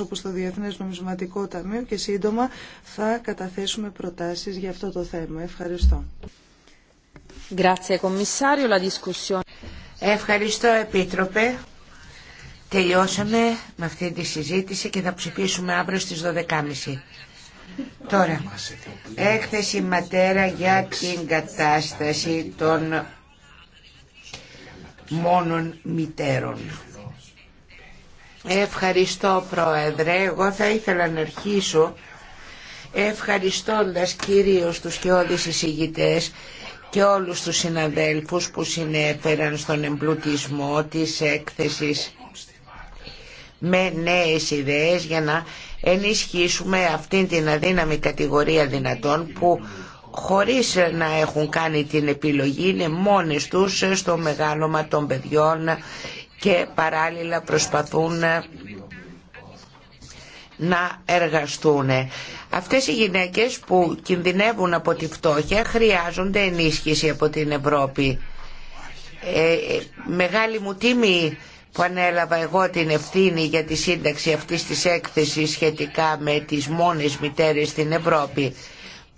όπως το Διεθνές Νομισματικό Ταμείο και σύντομα θα καταθέσουμε προτάσεις για αυτό το θέμα. Ευχαριστώ. Ευχαριστώ Επίτροπε. Τελειώσαμε με αυτή τη συζήτηση και θα ψηφίσουμε αύριο στις 12.30. Τώρα, έκθεση ματέρα για την κατάσταση των μόνων μητέρων. Ευχαριστώ Πρόεδρε. Εγώ θα ήθελα να αρχίσω ευχαριστώντας κυρίως τους χειώδεις εισηγητές και όλους τους συναδέλφους που συνέφεραν στον εμπλουτισμό της έκθεσης με νέες ιδέες για να ενισχύσουμε αυτήν την αδύναμη κατηγορία δυνατών που χωρίς να έχουν κάνει την επιλογή είναι μόνες τους στο μεγάλωμα των παιδιών και παράλληλα προσπαθούν να εργαστούν. Αυτές οι γυναίκες που κινδυνεύουν από τη φτώχεια χρειάζονται ενίσχυση από την Ευρώπη. Ε, μεγάλη μου τίμη που ανέλαβα εγώ την ευθύνη για τη σύνταξη αυτής της έκθεσης σχετικά με τις μόνες μητέρες στην Ευρώπη.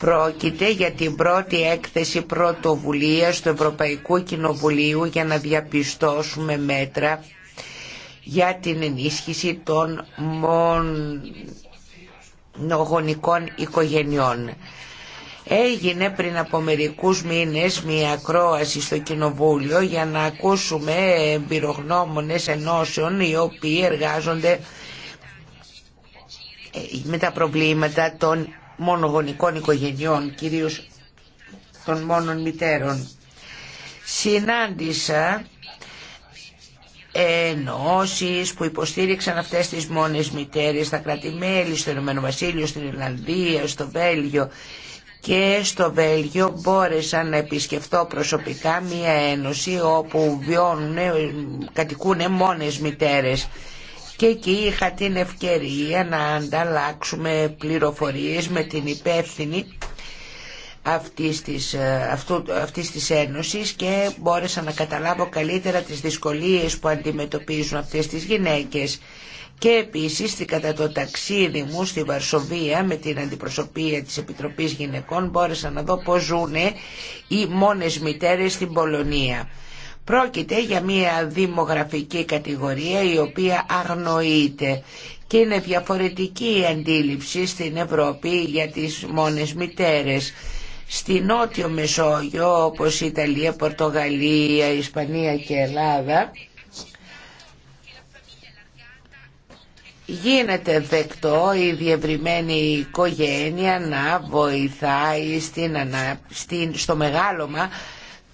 Πρόκειται για την πρώτη έκθεση πρωτοβουλίας του Ευρωπαϊκού Κοινοβουλίου για να διαπιστώσουμε μέτρα για την ενίσχυση των μονογονικών οικογενειών. Έγινε πριν από μερικούς μήνες μια ακρόαση στο Κοινοβούλιο για να ακούσουμε εμπειρογνώμονες ενώσεων οι οποίοι εργάζονται με τα προβλήματα των μονογονικών οικογενειών, κυρίως των μόνων μητέρων. Συνάντησα ενώσεις που υποστήριξαν αυτές τις μόνες μητέρες στα κρατημέλη, στο Ηνωμένο Βασίλειο, στην Ιρλανδία, στο Βέλγιο και στο Βέλγιο μπόρεσα να επισκεφτώ προσωπικά μία ένωση όπου βιώνουν, κατοικούν μόνες μητέρες και εκεί είχα την ευκαιρία να ανταλλάξουμε πληροφορίες με την υπεύθυνη αυτής της, ε, αυτού, αυτής της Ένωσης και μπόρεσα να καταλάβω καλύτερα τις δυσκολίες που αντιμετωπίζουν αυτές τις γυναίκες. Και επίσης κατά το ταξίδι μου στη Βαρσοβία με την αντιπροσωπεία της Επιτροπής Γυναικών μπόρεσα να δω πώς ζουν οι μόνες μητέρες στην Πολωνία. Πρόκειται για μια δημογραφική κατηγορία η οποία αγνοείται και είναι διαφορετική η αντίληψη στην Ευρώπη για τις μόνες μητέρες. Στη Νότιο Μεσόγειο όπως Ιταλία, Πορτογαλία, Ισπανία και Ελλάδα γίνεται δεκτό η διευρυμένη οικογένεια να βοηθάει στην, στο μεγάλωμα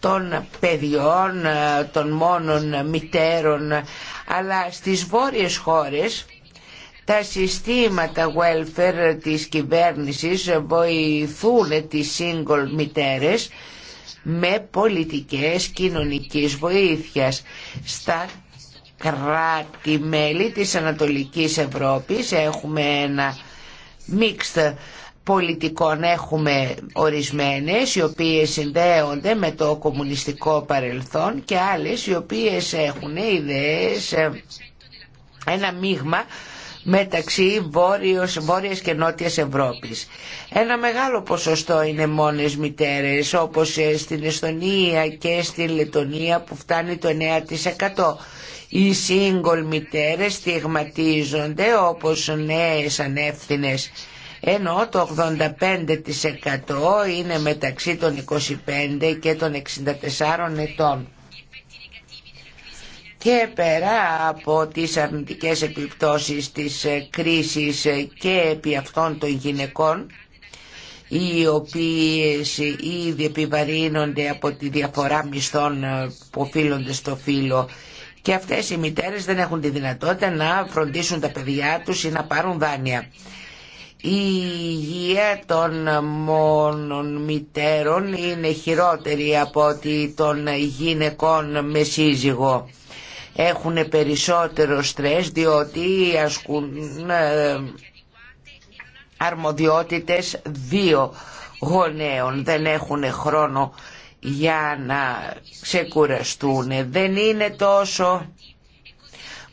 των παιδιών, των μόνων μητέρων, αλλά στις βόρειες χώρες τα συστήματα welfare της κυβέρνησης βοηθούν τις single μητέρες με πολιτικές κοινωνικής βοήθειας. Στα κράτη-μέλη της Ανατολικής Ευρώπης έχουμε ένα mixed πολιτικών έχουμε ορισμένες οι οποίες συνδέονται με το κομμουνιστικό παρελθόν και άλλες οι οποίες έχουν ιδέες, ε, ένα μείγμα μεταξύ βόρειος, Βόρειας και Νότιας Ευρώπης. Ένα μεγάλο ποσοστό είναι μόνες μητέρες όπως ε, στην Εστονία και στη Λετωνία που φτάνει το 9%. Οι σύγκολ μητέρες στιγματίζονται όπως νέες ανεύθυνες ενώ το 85% είναι μεταξύ των 25 και των 64 ετών. Και πέρα από τις αρνητικές επιπτώσεις της ε, κρίσης ε, και επί αυτών των γυναικών, οι οποίες ε, ήδη επιβαρύνονται από τη διαφορά μισθών που οφείλονται στο φύλλο και αυτές οι μητέρες δεν έχουν τη δυνατότητα να φροντίσουν τα παιδιά τους ή να πάρουν δάνεια η υγεία των μόνων μητέρων είναι χειρότερη από ότι των γυναικών με σύζυγο. Έχουν περισσότερο στρες διότι ασκούν ε, αρμοδιότητες δύο γονέων. Δεν έχουν χρόνο για να ξεκουραστούν. Δεν είναι τόσο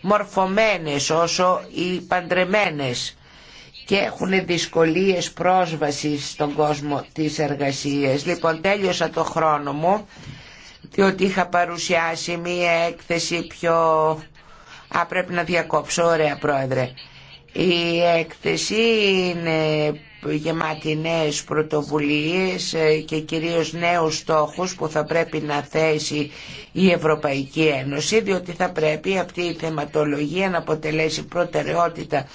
μορφωμένες όσο οι παντρεμένες και έχουν δυσκολίες πρόσβασης στον κόσμο της εργασίας. Λοιπόν, τέλειωσα το χρόνο μου, διότι είχα παρουσιάσει μία έκθεση πιο... Α, πρέπει να διακόψω, ωραία πρόεδρε. Η έκθεση είναι γεμάτη νέες πρωτοβουλίες ε, και κυρίως νέους στόχους που θα πρέπει να θέσει η Ευρωπαϊκή Ένωση διότι θα πρέπει αυτή η θεματολογία να αποτελέσει προτεραιότητα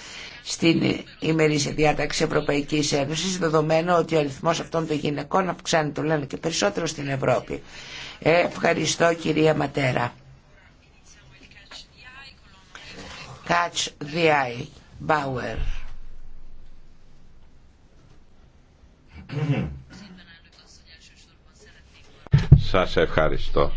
στην ημερήσια διάταξη Ευρωπαϊκής Ένωσης δεδομένου ότι ο αριθμός αυτών των γυναικών αυξάνει το λένε και περισσότερο στην Ευρώπη. Ε, ευχαριστώ κυρία Ματέρα. Σας ευχαριστώ.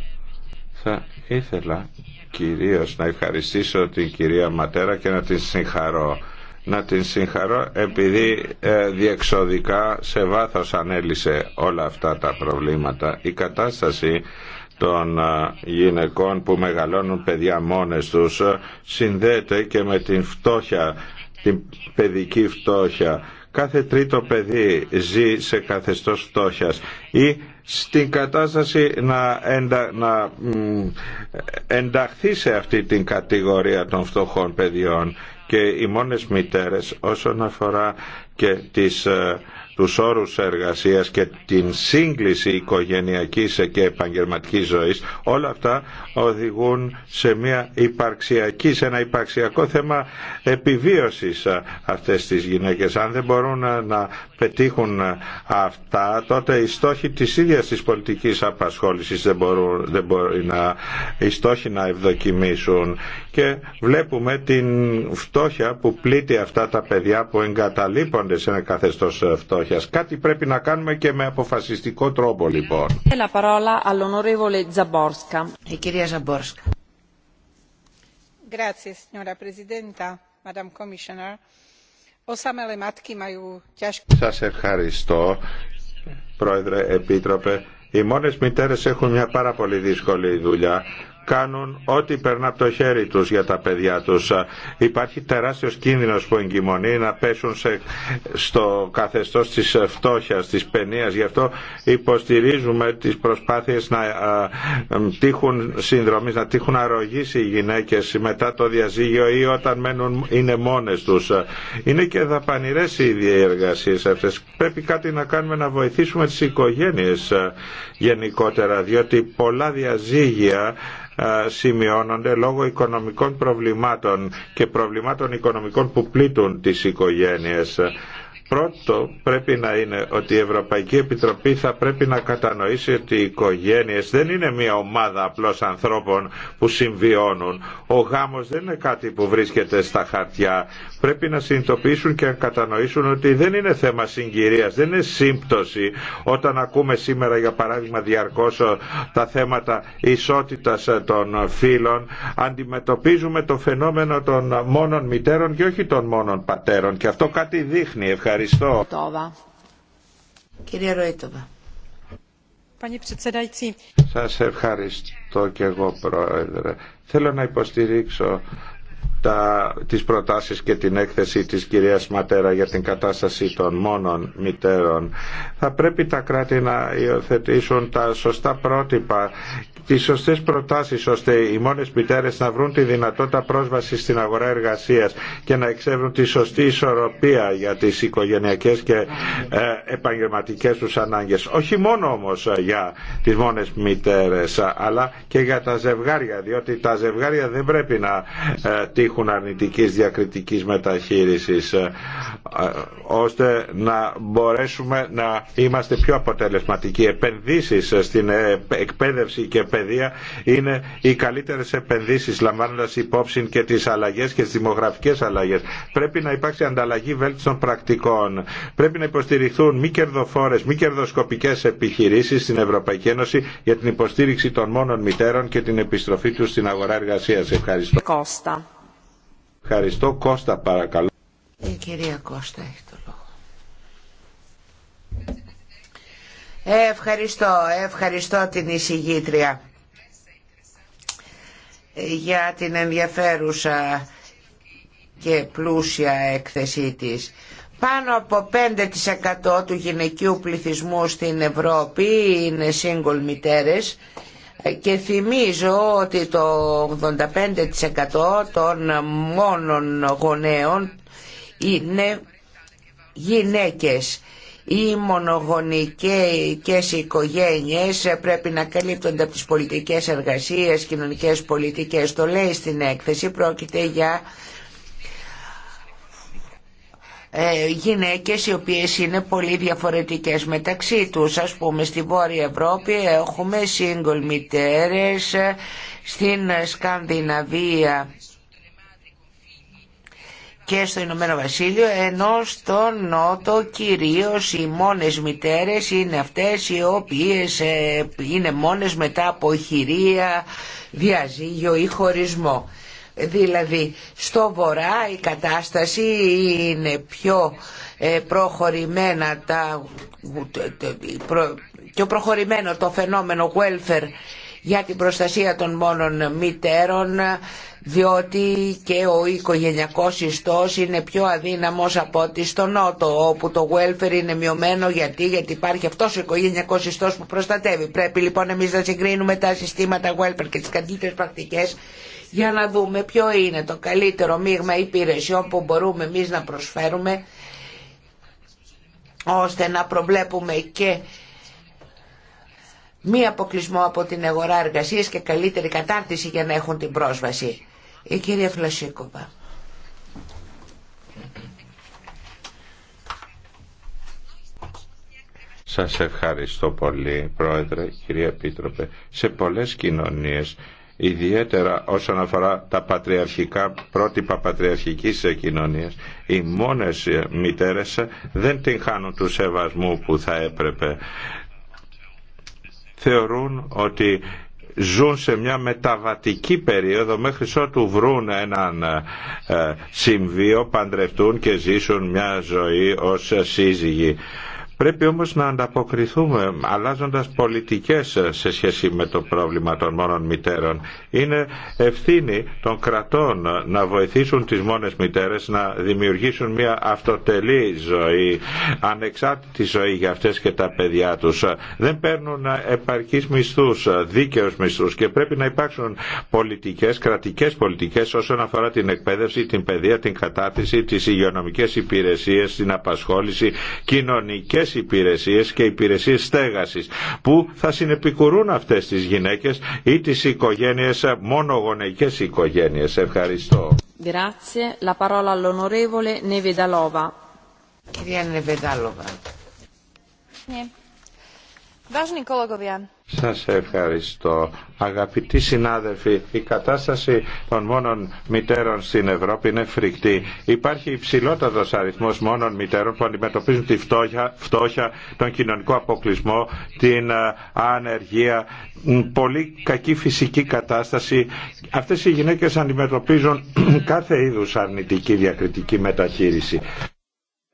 Θα ήθελα κυρίως να ευχαριστήσω την κυρία Ματέρα και να την συγχαρώ. Να την συγχαρώ επειδή ε, διεξοδικά σε βάθος ανέλησε όλα αυτά τα προβλήματα. Η κατάσταση των ε, γυναικών που μεγαλώνουν παιδιά μόνες τους ε, συνδέεται και με την φτώχεια, την παιδική φτώχεια κάθε τρίτο παιδί ζει σε καθεστώς φτώχειας ή στην κατάσταση να, εντα, να ενταχθεί σε αυτή την κατηγορία των φτωχών παιδιών και οι μόνες μητέρες όσον αφορά και τις ε, του όρους εργασίας και την σύγκληση οικογενειακής και επαγγελματικής ζωής, όλα αυτά οδηγούν σε, μια υπαρξιακή, σε ένα υπαρξιακό θέμα επιβίωσης αυτές τις γυναίκες. Αν δεν μπορούν να πετύχουν αυτά, τότε οι στόχοι της ίδιας της πολιτικής απασχόλησης δεν, μπορούν, δεν μπορεί να, οι στόχοι να ευδοκιμήσουν. Και βλέπουμε την φτώχεια που πλήττει αυτά τα παιδιά που εγκαταλείπονται σε ένα καθεστώς φτώχεια Κάτι πρέπει να κάνουμε και με αποφασιστικό τρόπο λοιπόν. Η κυρία Ζαμπόρσκα. Σας ευχαριστώ, Πρόεδρε Επίτροπε. Οι μόνες μητέρες έχουν μια πάρα πολύ δύσκολη δουλειά κάνουν ό,τι περνά από το χέρι τους για τα παιδιά τους. Υπάρχει τεράστιος κίνδυνος που εγκυμονεί να πέσουν σε, στο καθεστώς της φτώχειας, της παινίας. Γι' αυτό υποστηρίζουμε τις προσπάθειες να τύχουν συνδρομής, να τύχουν αρρωγής οι γυναίκες μετά το διαζύγιο ή όταν μένουν, είναι μόνες τους. Είναι και δαπανηρές οι διεργασίες αυτές. Πρέπει κάτι να κάνουμε να βοηθήσουμε τις οικογένειες γενικότερα, διότι πολλά διαζύγια σημειώνονται λόγω οικονομικών προβλημάτων και προβλημάτων οικονομικών που πλήττουν τις οικογένειες. Πρώτο πρέπει να είναι ότι η Ευρωπαϊκή Επιτροπή θα πρέπει να κατανοήσει ότι οι οικογένειες δεν είναι μια ομάδα απλώς ανθρώπων που συμβιώνουν. Ο γάμος δεν είναι κάτι που βρίσκεται στα χαρτιά. Πρέπει να συνειδητοποιήσουν και να κατανοήσουν ότι δεν είναι θέμα συγκυρίας, δεν είναι σύμπτωση. Όταν ακούμε σήμερα για παράδειγμα διαρκώς ε, τα θέματα ισότητας ε, των φίλων. αντιμετωπίζουμε το φαινόμενο των μόνων μητέρων και όχι των μόνων πατέρων. Και αυτό κάτι δείχνει. Ευχαριστώ. Ευχαριστώ. Κυρία Ροήτοβα. Σας ευχαριστώ και εγώ πρόεδρε. Θέλω να υποστηρίξω τα, τις προτάσεις και την έκθεση της κυρίας Ματέρα για την κατάσταση των μόνων μητέρων. Θα πρέπει τα κράτη να υιοθετήσουν τα σωστά πρότυπα, τις σωστές προτάσεις ώστε οι μόνες μητέρες να βρουν τη δυνατότητα πρόσβαση στην αγορά εργασίας και να εξεύρουν τη σωστή ισορροπία για τις οικογενειακές και ε, επαγγελματικές τους ανάγκες. Όχι μόνο όμως για τις μόνες μητέρες αλλά και για τα ζευγάρια διότι τα ζευγάρια δεν πρέπει να ε, έχουν αρνητικής διακριτικής μεταχείρισης ε, ε, ώστε να μπορέσουμε να είμαστε πιο αποτελεσματικοί. Επενδύσεις στην ε, εκπαίδευση και παιδεία είναι οι καλύτερες επενδύσεις λαμβάνοντας υπόψη και τις αλλαγές και τις δημογραφικές αλλαγές. Πρέπει να υπάρξει ανταλλαγή βέλτιστων πρακτικών. Πρέπει να υποστηριχθούν μη κερδοφόρες, μη κερδοσκοπικές επιχειρήσεις στην Ευρωπαϊκή Ένωση για την υποστήριξη των μόνων μητέρων και την επιστροφή τους στην αγορά εργασίας. Ευχαριστώ. Κώστα. Ευχαριστώ. Κώστα παρακαλώ. Η κυρία Κώστα έχει το λόγο. Ευχαριστώ, ευχαριστώ την εισηγήτρια για την ενδιαφέρουσα και πλούσια έκθεσή της. Πάνω από 5% του γυναικείου πληθυσμού στην Ευρώπη είναι single μητέρες και θυμίζω ότι το 85% των μόνων γονέων είναι γυναίκες. Οι μονογονικές οικογένειες πρέπει να καλύπτονται από τις πολιτικές εργασίες, κοινωνικές πολιτικές. Το λέει στην έκθεση, πρόκειται για ε, γυναίκες οι οποίες είναι πολύ διαφορετικές μεταξύ τους. Ας πούμε στη Βόρεια Ευρώπη έχουμε single μητέρες, στην Σκανδιναβία και στο Ηνωμένο Βασίλειο ενώ στο Νότο κυρίως οι μόνες μητέρες είναι αυτές οι οποίες ε, είναι μόνες μετά από χειρία, διαζύγιο ή χωρισμό. Δηλαδή στο βορρά η κατάσταση είναι πιο ε, προχωρημένα τα, πιο προχωρημένο το φαινόμενο welfare για την προστασία των μόνων μητέρων διότι και ο οικογενειακός ιστός είναι πιο αδύναμος από ότι στο νότο όπου το welfare είναι μειωμένο γιατί, γιατί υπάρχει αυτός ο οικογενειακός ιστός που προστατεύει. Πρέπει λοιπόν εμείς να συγκρίνουμε τα συστήματα welfare και τις καλύτερε πρακτικές για να δούμε ποιο είναι το καλύτερο μείγμα υπηρεσιών που μπορούμε εμείς να προσφέρουμε ώστε να προβλέπουμε και μη αποκλεισμό από την αγορά εργασίας και καλύτερη κατάρτιση για να έχουν την πρόσβαση. Η κυρία Φλασίκοβα. Σας ευχαριστώ πολύ, Πρόεδρε, κυρία Επίτροπε. Σε πολλές κοινωνίες ιδιαίτερα όσον αφορά τα πατριαρχικά πρότυπα πατριαρχικής κοινωνίας οι μόνες ε, μητέρες ε, δεν την χάνουν του σεβασμού που θα έπρεπε θεωρούν ότι ζουν σε μια μεταβατική περίοδο μέχρι ότου βρουν έναν ε, συμβίο, παντρευτούν και ζήσουν μια ζωή ως σύζυγοι. Πρέπει όμως να ανταποκριθούμε αλλάζοντας πολιτικές σε σχέση με το πρόβλημα των μόνων μητέρων. Είναι ευθύνη των κρατών να βοηθήσουν τις μόνες μητέρες να δημιουργήσουν μια αυτοτελή ζωή, ανεξάρτητη ζωή για αυτές και τα παιδιά τους. Δεν παίρνουν επαρκείς μισθούς, δίκαιους μισθούς και πρέπει να υπάρξουν πολιτικές, κρατικές πολιτικές όσον αφορά την εκπαίδευση, την παιδεία, την κατάρτιση, τις υγειονομικές υπηρεσίες, την απασχόληση, κοινωνικές υπηρεσίες και υπηρεσίες στέγασης που θα συνεπικουρούν αυτές τις γυναίκες ή τις οικογένειες, μόνο γονεϊκές οικογένειες. Ευχαριστώ. Grazie. La parola all'onorevole Nevedalova. Κυρία Νεβεδάλοβα. Ναι. Σας ευχαριστώ. Αγαπητοί συνάδελφοι, η κατάσταση των μόνων μητέρων στην Ευρώπη είναι φρικτή. Υπάρχει υψηλότατος αριθμός μόνων μητέρων που αντιμετωπίζουν τη φτώχεια, τον κοινωνικό αποκλεισμό, την ε, ανεργία, πολύ κακή φυσική κατάσταση. Αυτές οι γυναίκες αντιμετωπίζουν κάθε είδους αρνητική διακριτική μεταχείριση.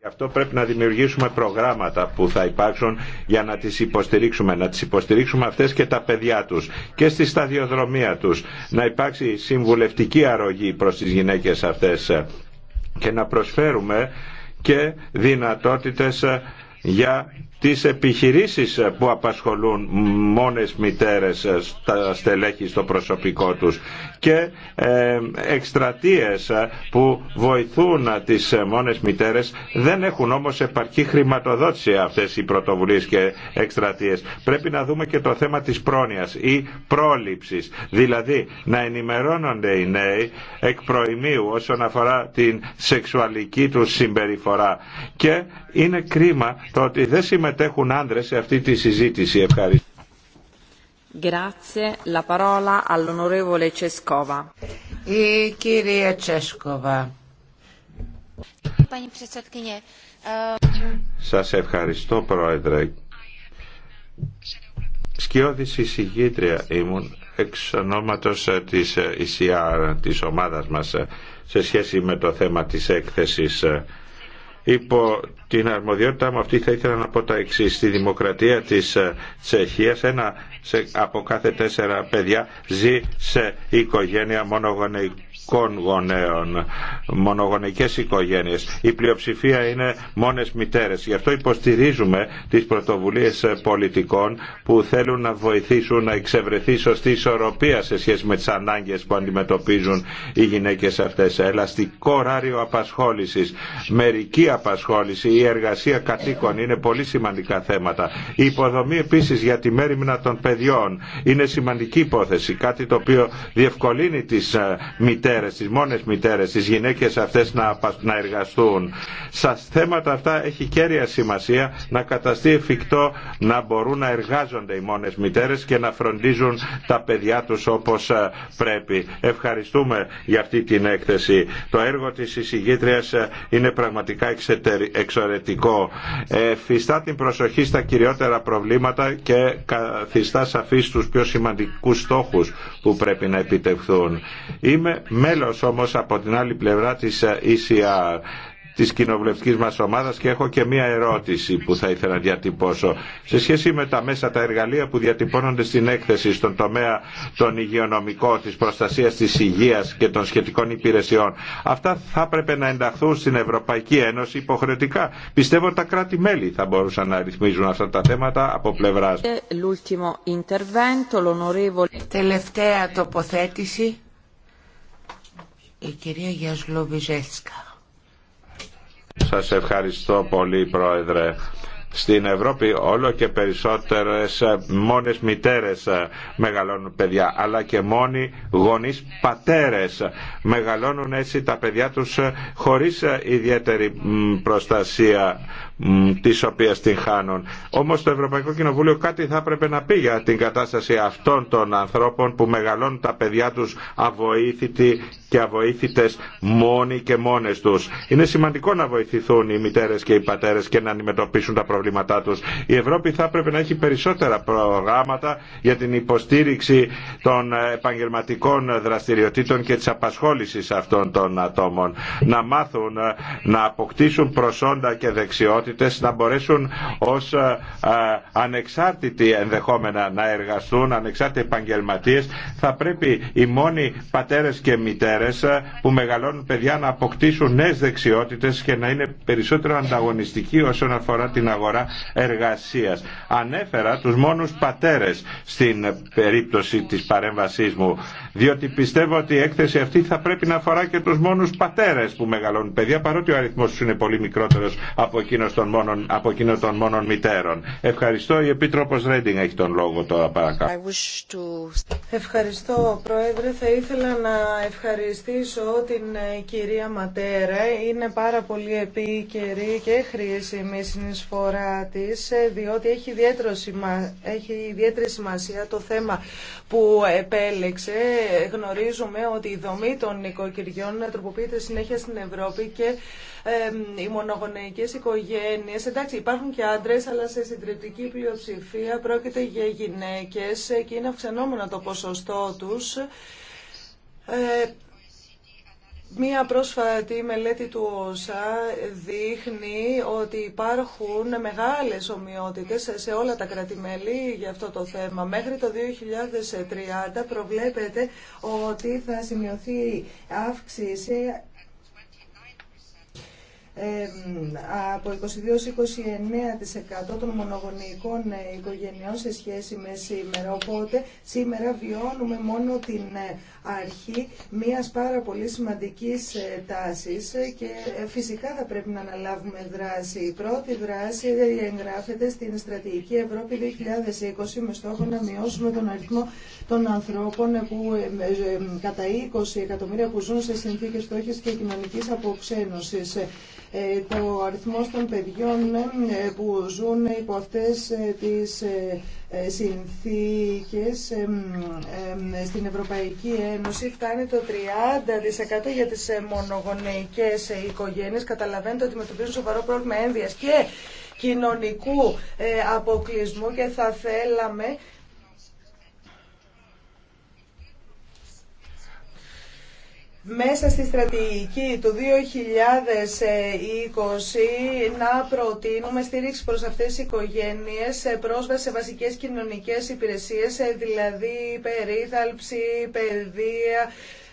Γι' αυτό πρέπει να δημιουργήσουμε προγράμματα που θα υπάρξουν για να τις υποστηρίξουμε, να τις υποστηρίξουμε αυτές και τα παιδιά τους και στη σταδιοδρομία τους, να υπάρξει συμβουλευτική αρρωγή προς τις γυναίκες αυτές και να προσφέρουμε και δυνατότητες για τις επιχειρήσεις που απασχολούν μόνες μητέρες στα στελέχη στο προσωπικό τους και ε, εκστρατείες που βοηθούν τις μόνες μητέρες δεν έχουν όμως επαρκή χρηματοδότηση αυτές οι πρωτοβουλίες και εκστρατείες. Πρέπει να δούμε και το θέμα της πρόνοιας ή πρόληψης, δηλαδή να ενημερώνονται οι νέοι εκ προημίου όσον αφορά την σεξουαλική τους συμπεριφορά και είναι κρίμα το ότι δεν συμμετέχουν άντρες σε αυτή τη συζήτηση. Ευχαριστώ. La parola Η κυρία Τσέσκοβα. Ε, σας ευχαριστώ πρόεδρε. Σκιώδης εισηγήτρια ήμουν εξ ονόματος ε, της ΙΣΙΑΡ ε, της ομάδας μας, σε σχέση με το θέμα της έκθεσης Υπό την αρμοδιότητά μου αυτή θα ήθελα να πω τα εξή. Στη δημοκρατία της ε, Τσεχίας ένα από κάθε τέσσερα παιδιά ζει σε οικογένεια μονογονεϊκή μονογονικών γονέων, μονογονικές οικογένειες. Η πλειοψηφία είναι μόνες μητέρες. Γι' αυτό υποστηρίζουμε τις πρωτοβουλίες πολιτικών που θέλουν να βοηθήσουν να εξευρεθεί σωστή ισορροπία σε σχέση με τις ανάγκες που αντιμετωπίζουν οι γυναίκες αυτές. Ελαστικό ωράριο απασχόλησης, μερική απασχόληση, η εργασία κατοίκων είναι πολύ σημαντικά θέματα. Η υποδομή επίσης για τη μέρημνα των παιδιών είναι σημαντική υπόθεση, κάτι το οποίο διευκολύνει τις ε, μητέρες μητέρες, τις μόνες μητέρες, τις γυναίκες αυτές να, να εργαστούν. Στα θέματα αυτά έχει κέρια σημασία να καταστεί εφικτό να μπορούν να εργάζονται οι μόνες μητέρες και να φροντίζουν τα παιδιά τους όπως ε, πρέπει. Ευχαριστούμε για αυτή την έκθεση. Το έργο της εισηγήτριας ε, είναι πραγματικά εξαιρετικό. Ε, φυστά την προσοχή στα κυριότερα προβλήματα και καθιστά σαφή στους πιο σημαντικούς στόχους που πρέπει να επιτευχθούν. Είμαι μέλος όμως από την άλλη πλευρά της ε, ECR της κοινοβουλευτικής μας ομάδας και έχω και μία ερώτηση που θα ήθελα να διατυπώσω. Σε σχέση με τα μέσα, τα εργαλεία που διατυπώνονται στην έκθεση στον τομέα των υγειονομικών, της προστασίας της υγείας και των σχετικών υπηρεσιών, αυτά θα έπρεπε να ενταχθούν στην Ευρωπαϊκή Ένωση υποχρεωτικά. Πιστεύω ότι τα κράτη-μέλη θα μπορούσαν να ρυθμίζουν αυτά τα θέματα από πλευράς. Τελευταία τοποθέτηση η κυρία Σας ευχαριστώ πολύ Πρόεδρε στην Ευρώπη όλο και περισσότερες μόνες μητέρες μεγαλώνουν παιδιά αλλά και μόνοι γονείς πατέρες μεγαλώνουν έτσι τα παιδιά τους χωρίς ιδιαίτερη προστασία Τη οποίας την χάνουν. Όμω το Ευρωπαϊκό Κοινοβούλιο κάτι θα έπρεπε να πει για την κατάσταση αυτών των ανθρώπων που μεγαλώνουν τα παιδιά του αβοήθητοι και αβοήθητες μόνοι και μόνε του. Είναι σημαντικό να βοηθηθούν οι μητέρε και οι πατέρε και να αντιμετωπίσουν τα προβλήματά του. Η Ευρώπη θα έπρεπε να έχει περισσότερα προγράμματα για την υποστήριξη των επαγγελματικών δραστηριοτήτων και τη απασχόληση αυτών των ατόμων. Να μάθουν να αποκτήσουν προσόντα και δεξιότητε να μπορέσουν ως ε, ε, ανεξάρτητοι ενδεχόμενα να εργαστούν, ανεξάρτητοι επαγγελματίες, θα πρέπει οι μόνοι πατέρες και μητέρες ε, που μεγαλώνουν παιδιά να αποκτήσουν νέες δεξιότητες και να είναι περισσότερο ανταγωνιστικοί όσον αφορά την αγορά εργασίας. Ανέφερα τους μόνους πατέρες στην περίπτωση της παρέμβασής μου, διότι πιστεύω ότι η έκθεση αυτή θα πρέπει να αφορά και τους μόνους πατέρες που μεγαλώνουν παιδιά, παρότι ο αριθμός τους είναι πολύ μικρότερος από εκείνος των μόνων, από κοινό των μόνων μητέρων. Ευχαριστώ. Η Επίτροπος Ρέντινγκ έχει τον λόγο τώρα παρακάτω. To... Ευχαριστώ Πρόεδρε. Θα ήθελα να ευχαριστήσω την ε, κυρία Ματέρα. Είναι πάρα πολύ επίκαιρη και χρήσιμη η συνεισφορά της ε, διότι έχει, σημα... έχει ιδιαίτερη σημασία το θέμα που επέλεξε. Γνωρίζουμε ότι η δομή των νοικοκυριών τροποποιείται συνέχεια στην Ευρώπη και οι μονογονεϊκές οικογένειες. Εντάξει, υπάρχουν και άντρες, αλλά σε συντριπτική πλειοψηφία πρόκειται για γυναίκες και είναι αυξανόμενο το ποσοστό τους. Ε, μία πρόσφατη μελέτη του ΩΣΑ δείχνει ότι υπάρχουν μεγάλες ομοιότητες σε όλα τα κρατημέλη για αυτό το θέμα. Μέχρι το 2030 προβλέπεται ότι θα σημειωθεί αύξηση ε, από 22-29% των μονογονεϊκών ε, οικογενειών σε σχέση με σήμερα. Οπότε σήμερα βιώνουμε μόνο την ε, αρχή μιας πάρα πολύ σημαντικής τάσης και φυσικά θα πρέπει να αναλάβουμε δράση. Η πρώτη δράση εγγράφεται στην Στρατηγική Ευρώπη 2020 με στόχο να μειώσουμε τον αριθμό των ανθρώπων που κατά 20 εκατομμύρια που ζουν σε συνθήκες φτώχειας και κοινωνικής αποξένωσης. Ε, το αριθμός των παιδιών ε, που ζουν υπό αυτές ε, τις συνθήκες στην Ευρωπαϊκή Ένωση φτάνει το 30% για τις μονογονεϊκές οικογένειες. Καταλαβαίνετε ότι μετωπίζουν σοβαρό πρόβλημα ένδυας και κοινωνικού αποκλεισμού και θα θέλαμε μέσα στη στρατηγική του 2020 να προτείνουμε στήριξη προς αυτές τις οικογένειες σε πρόσβαση σε βασικές κοινωνικές υπηρεσίες, ε, δηλαδή περίθαλψη, παιδεία,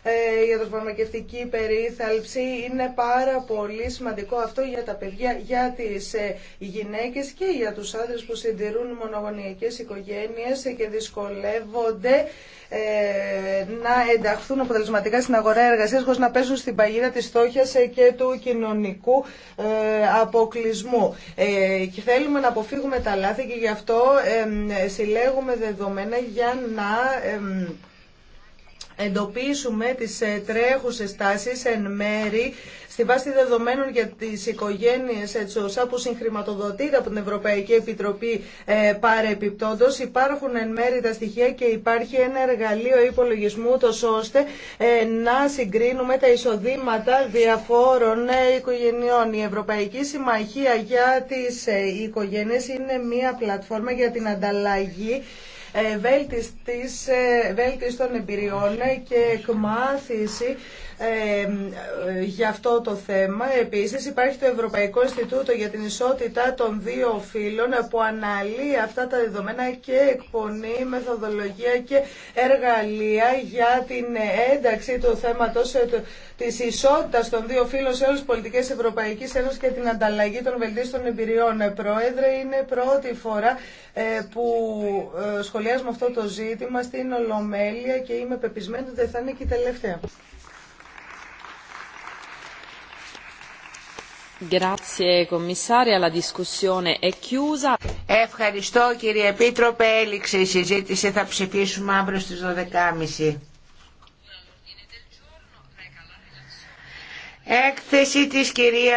ε, η ιατροφαρμακευτική περίθαλψη. Είναι πάρα πολύ σημαντικό αυτό για τα παιδιά, για τις ε, γυναίκες και για τους άντρες που συντηρούν μονογονιακές οικογένειες και δυσκολεύονται ε, να ενταχθούν αποτελεσματικά στην αγορά εργασίας χωρίς να πέσουν στην παγίδα της στόχιας και του κοινωνικού αποκλεισμού. Και θέλουμε να αποφύγουμε τα λάθη και γι' αυτό συλλέγουμε δεδομένα για να εντοπίσουμε τις ε, τρέχουσες τάσεις εν μέρη στη βάση δεδομένων για τις οικογένειες έτσι ε, όσα που συγχρηματοδοτείται από την Ευρωπαϊκή Επιτροπή ε, παρεπιπτόντως υπάρχουν εν μέρη τα στοιχεία και υπάρχει ένα εργαλείο υπολογισμού τόσο ώστε ε, να συγκρίνουμε τα εισοδήματα διαφόρων οικογενειών. Η Ευρωπαϊκή Συμμαχία για τις Οικογένειες είναι μια πλατφόρμα για την ανταλλαγή ε, βέλτιστης, ε, βέλτιστων εμπειριών και εκμάθηση ε, για αυτό το θέμα. Επίσης υπάρχει το Ευρωπαϊκό Ινστιτούτο για την Ισότητα των Δύο Φύλων που αναλύει αυτά τα δεδομένα και εκπονεί μεθοδολογία και εργαλεία για την ένταξη του θέματος ε, της ισότητας των δύο φύλων σε όλες τις πολιτικές Ευρωπαϊκής Ένωσης και την ανταλλαγή των βελτίστων εμπειριών. Ε, Πρόεδρε, είναι πρώτη φορά που σχολιάζουμε αυτό το ζήτημα στην Ολομέλεια και είμαι πεπισμένη ότι δεν θα είναι και η τελευταία. Ευχαριστώ κύριε Επίτροπε, έληξε η συζήτηση, θα ψηφίσουμε αύριο στις 12.30. Έκθεση της κυρία